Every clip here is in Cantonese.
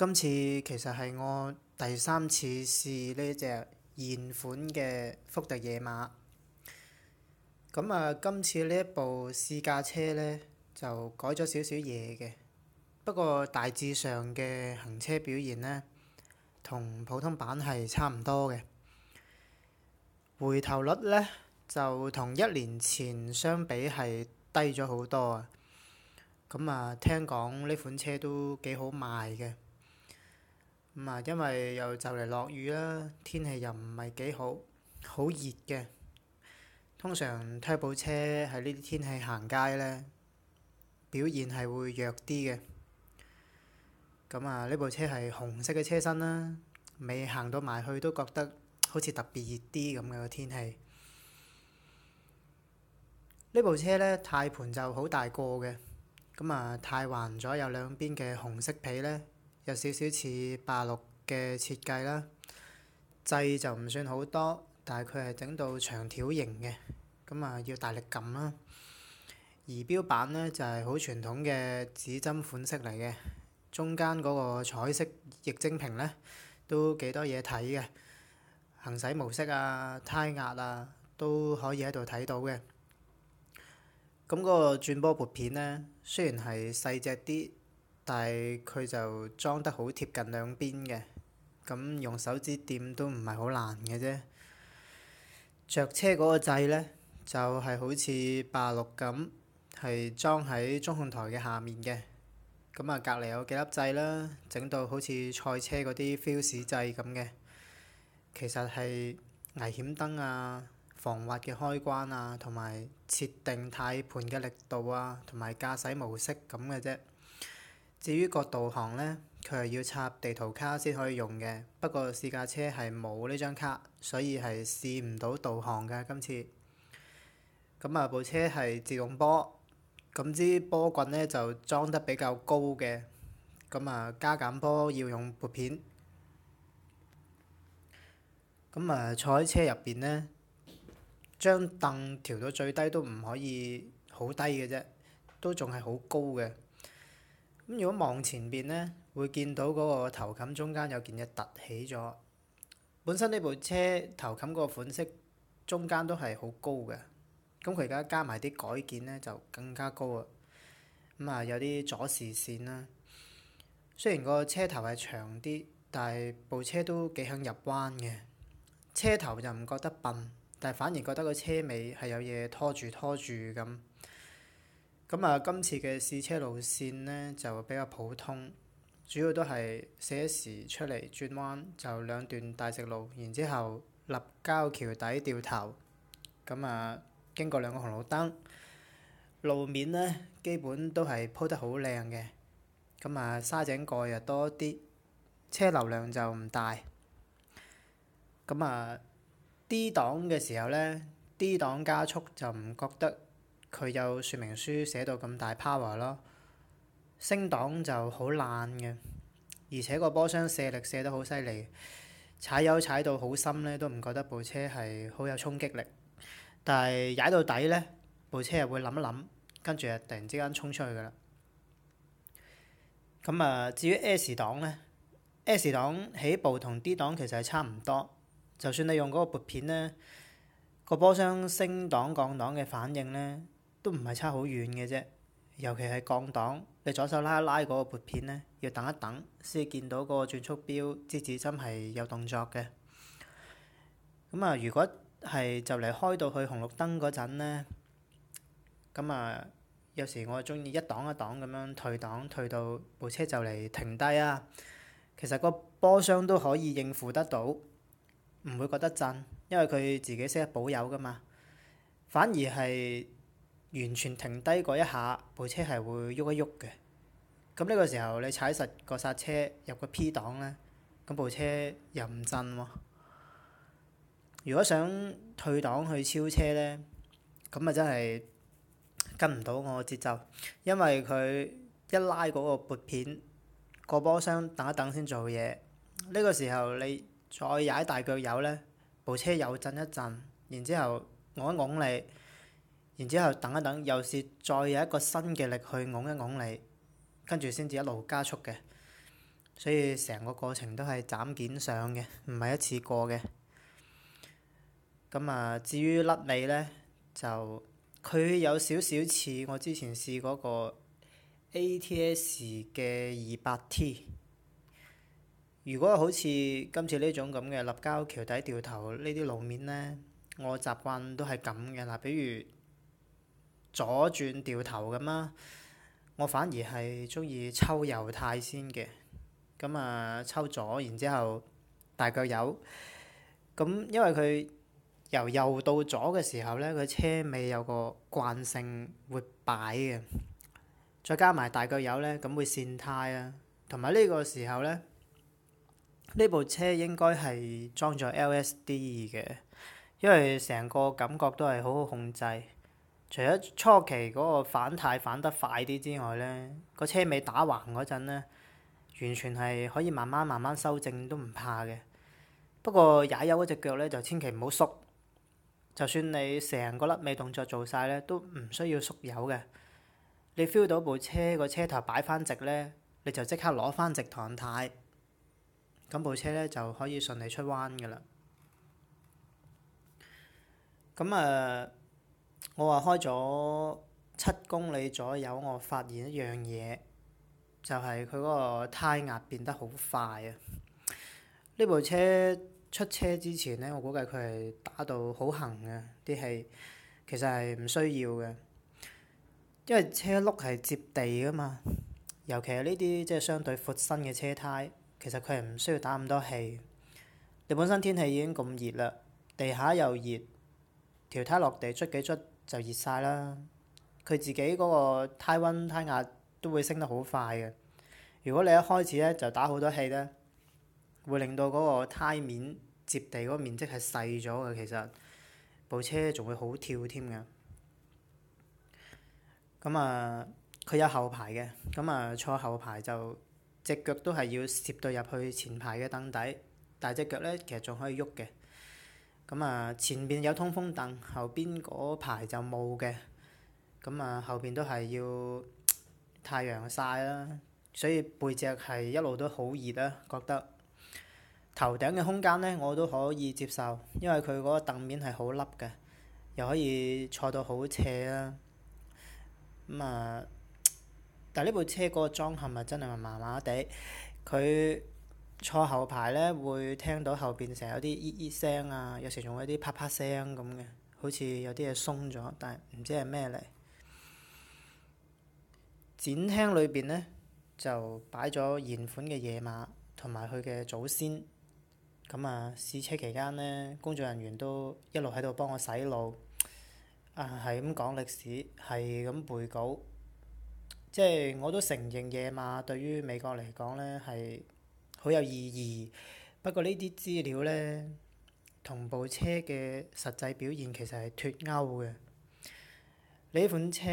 今次其實係我第三次試呢隻現款嘅福特野馬。咁啊，今次呢一部試駕車呢，就改咗少少嘢嘅，不過大致上嘅行車表現呢，同普通版係差唔多嘅。回頭率呢，就同一年前相比係低咗好多啊！咁啊，聽講呢款車都幾好賣嘅。咁啊，因為又就嚟落雨啦，天氣又唔係幾好，好熱嘅。通常 Turbo 車喺呢啲天氣行街咧，表現係會弱啲嘅。咁、嗯、啊，呢部車係紅色嘅車身啦，未行到埋去都覺得好似特別熱啲咁嘅天氣。呢、嗯、部車咧，軚盤就好大個嘅，咁、嗯、啊，軚環左右兩邊嘅紅色皮咧。有少少似八六嘅設計啦，掣就唔算好多，但係佢係整到長條型嘅，咁啊要大力撳啦。儀錶板咧就係、是、好傳統嘅指針款式嚟嘅，中間嗰個彩色液晶屏咧都幾多嘢睇嘅，行駛模式啊、胎壓啊都可以喺度睇到嘅。咁、那、嗰個轉波撥片咧，雖然係細隻啲。但係佢就裝得好貼近兩邊嘅，咁用手指點都唔係好難嘅啫。着車嗰個掣咧，就係、是、好似八六咁，係裝喺中控台嘅下面嘅。咁啊，隔籬有幾粒掣啦，整到好似賽車嗰啲 fails 掣咁嘅。其實係危險燈啊、防滑嘅開關啊，同埋設定軚盤嘅力度啊，同埋駕駛模式咁嘅啫。至於個導航咧，佢係要插地圖卡先可以用嘅。不過試駕車係冇呢張卡，所以係試唔到導航㗎今次。咁啊，部車係自動波，咁支波棍咧就裝得比較高嘅。咁啊，加減波要用撥片。咁啊，坐喺車入邊咧，將凳調到最低都唔可以好低嘅啫，都仲係好高嘅。咁如果望前邊咧，會見到嗰個頭冚中間有件嘢突起咗。本身呢部車頭冚個款式中間都係好高嘅，咁佢而家加埋啲改件咧，就更加高啊。咁啊，有啲阻視線啦。雖然個車頭係長啲，但係部車都幾肯入彎嘅。車頭就唔覺得笨，但係反而覺得個車尾係有嘢拖住拖住咁。咁啊，今次嘅試車路線咧就比較普通，主要都係寫時出嚟轉彎，就兩段大直路，然之後立交橋底掉頭，咁啊經過兩個紅綠燈，路面咧基本都係鋪得好靚嘅，咁啊沙井蓋又多啲，車流量就唔大，咁啊 D 檔嘅時候咧，D 檔加速就唔覺得。佢有說明書寫到咁大 power 咯，升檔就好爛嘅，而且個波箱卸力卸得好犀利，踩油踩到好深咧都唔覺得部車係好有衝擊力，但係踩到底咧，部車又會諗一諗，跟住啊突然之間衝出去㗎啦。咁啊，至於 S 檔咧，S 檔起步同 D 檔其實係差唔多，就算你用嗰個撥片咧，個波箱升檔降檔嘅反應咧。都唔係差好遠嘅啫，尤其係降檔，你左手拉一拉嗰個撥片咧，要等一等先見到個轉速標即係，指針係有動作嘅。咁、嗯、啊，如果係就嚟開到去紅綠燈嗰陣咧，咁、嗯、啊有時我中意一檔一檔咁樣退檔，退到部車就嚟停低啊。其實個波箱都可以應付得到，唔會覺得震，因為佢自己識得保有噶嘛。反而係～完全停低嗰一下，部車動動，係會喐一喐嘅。咁呢個時候，你踩實個剎車，入個 P 檔咧，咁部車又唔震喎、哦。如果想退檔去超車咧，咁咪真係跟唔到我節奏，因為佢一拉嗰個撥片，個波箱等一等先做嘢。呢、這個時候你再踩大腳油咧，部車又震一震，然之後拱一拱你。然之後等一等，又是再有一個新嘅力去拱一拱你，跟住先至一路加速嘅，所以成個過程都係斬件上嘅，唔係一次過嘅。咁啊，至於甩尾呢，就佢有少少似我之前試嗰個 ATS 嘅 2.0T。如果好似今次呢種咁嘅立交橋底掉頭呢啲路面呢，我習慣都係咁嘅啦。比如左轉掉頭咁啦，我反而係中意抽右胎先嘅，咁啊抽左，然之後大腳油。咁因為佢由右到左嘅時候咧，佢車尾有個慣性會擺嘅，再加埋大腳油咧，咁會跣胎啊！同埋呢個時候咧，呢部車應該係裝咗 LSD 嘅，因為成個感覺都係好好控制。除咗初期嗰個反軚反得快啲之外咧，個車尾打橫嗰陣咧，完全係可以慢慢慢慢修正都唔怕嘅。不過踩油嗰隻腳咧就千祈唔好縮，就算你成個甩尾動作做晒咧，都唔需要縮油嘅。你 feel 到部車個車頭擺翻直咧，你就即刻攞翻直躺軚，咁部車咧就可以順利出彎噶啦。咁啊～、呃我話開咗七公里左右，我發現一樣嘢，就係佢嗰個胎壓變得好快啊！呢部車出車之前呢，我估計佢係打到好恆嘅啲氣，氣其實係唔需要嘅，因為車轆係接地噶嘛，尤其係呢啲即係相對闊身嘅車胎，其實佢係唔需要打咁多氣。你本身天氣已經咁熱啦，地下又熱。條胎落地捽幾捽就熱晒啦，佢自己嗰個胎溫胎壓都會升得好快嘅。如果你一開始呢，就打好多氣呢，會令到嗰個胎面接地嗰個面積係細咗嘅，其實部車仲會好跳添嘅。咁啊，佢有後排嘅，咁啊坐後排就隻腳都係要攝到入去前排嘅凳底，但係隻腳呢，其實仲可以喐嘅。咁啊，前面有通風凳，後邊嗰排就冇嘅。咁啊，後邊都係要太陽曬啦，所以背脊係一路都好熱啦，覺得頭頂嘅空間咧，我都可以接受，因為佢嗰個凳面係好凹嘅，又可以坐到好斜啦。咁啊，但係呢部車嗰個裝潢係咪真係麻麻地，佢。坐後排咧，會聽到後邊成日有啲咿咿聲啊，有時仲有啲啪啪聲咁嘅，好似有啲嘢鬆咗，但係唔知係咩嚟。展廳裏邊咧就擺咗現款嘅野馬同埋佢嘅祖先。咁啊，試車期間咧，工作人員都一路喺度幫我洗腦，啊係咁講歷史，係咁背稿，即係我都承認野馬對於美國嚟講咧係好有意義，不過呢啲資料咧，同部車嘅實際表現其實係脫鉤嘅。呢款車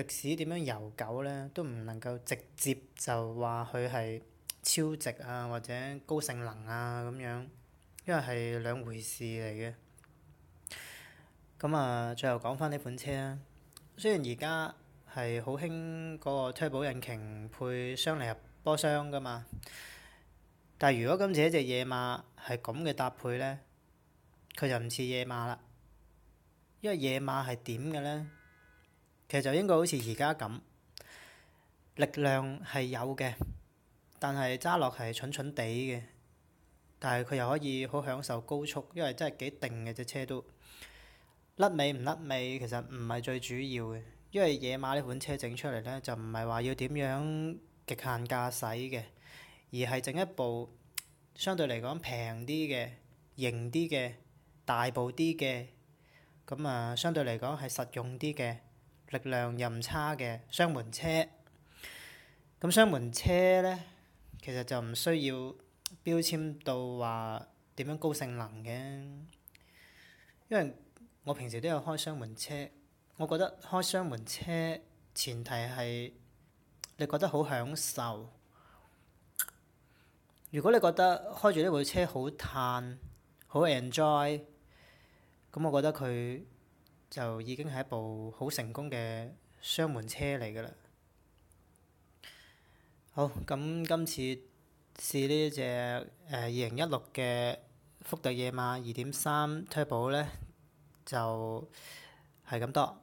歷史點樣悠久咧，都唔能夠直接就話佢係超值啊，或者高性能啊咁樣，因為係兩回事嚟嘅。咁啊，最後講返呢款車啊，雖然而家係好興嗰個推保引擎配雙離合波箱㗎嘛。但係，如果今次一隻野馬係咁嘅搭配呢，佢就唔似野馬啦。因為野馬係點嘅呢？其實就應該好似而家咁，力量係有嘅，但係揸落係蠢蠢地嘅。但係佢又可以好享受高速，因為真係幾定嘅，隻車都甩尾唔甩尾，其實唔係最主要嘅。因為野馬呢款車整出嚟呢，就唔係話要點樣極限駕駛嘅。而係整一部相對嚟講平啲嘅，型啲嘅，大部啲嘅，咁啊相對嚟講係實用啲嘅，力量又唔差嘅雙門車。咁雙門車咧，其實就唔需要標籤到話點樣高性能嘅，因為我平時都有開雙門車，我覺得開雙門車前提係你覺得好享受。如果你覺得開住呢部車好嘆，好 enjoy，咁我覺得佢就已經係一部好成功嘅雙門車嚟嘅啦。好，咁今次試、呃、呢隻誒二零一六嘅福特野馬二點三 Turbo 咧，就係、是、咁多。